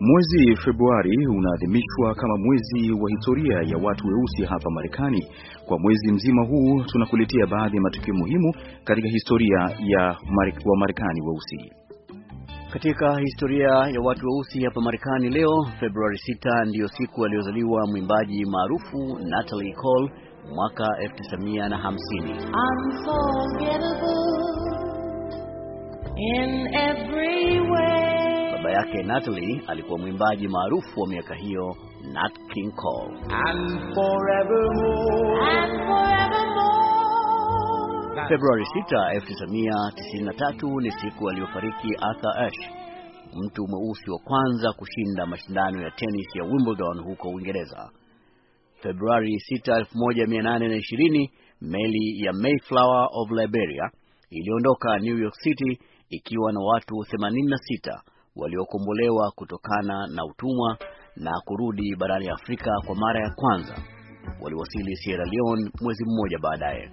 Mwezi Februari unaadhimishwa kama mwezi wa historia ya watu weusi hapa Marekani. Kwa mwezi mzima huu tunakuletea baadhi ya matukio muhimu katika historia ya wa Marekani weusi. Katika historia ya watu weusi hapa Marekani leo Februari 6 ndiyo siku aliyozaliwa mwimbaji maarufu Natalie Cole mwaka 1950. Baba yake Natalie alikuwa mwimbaji maarufu wa miaka hiyo Nat King Cole. And forevermore. And forevermore. Februari 6, 1993 ni siku aliyofariki Arthur Ashe, mtu mweusi wa kwanza kushinda mashindano ya tenis ya Wimbledon huko Uingereza. Februari 6, 1820 meli ya Mayflower of Liberia iliondoka New York City ikiwa na watu 86 waliokombolewa kutokana na utumwa na kurudi barani Afrika kwa mara ya kwanza. Waliwasili Sierra Leone mwezi mmoja baadaye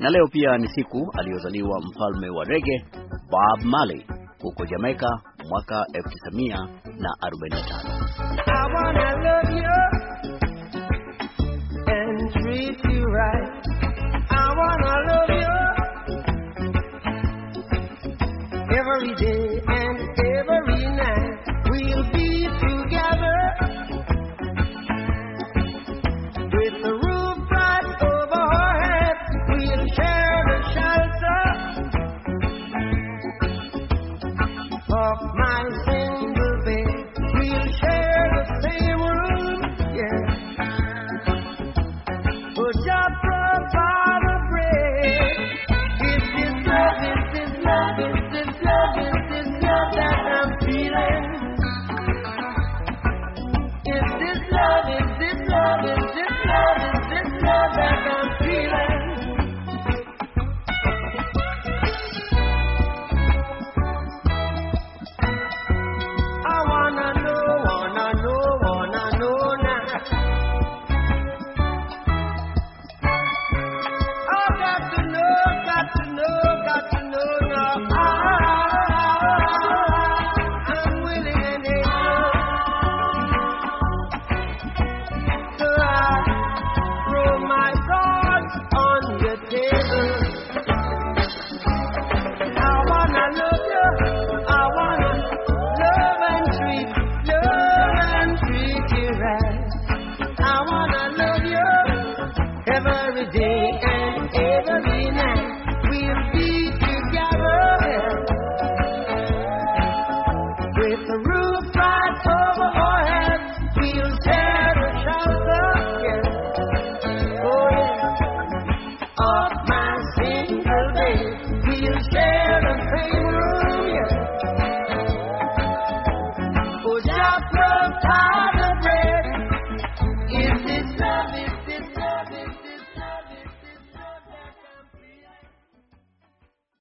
na leo pia ni siku aliyozaliwa mfalme wa rege Bob Marley huko Jamaica mwaka 1945. second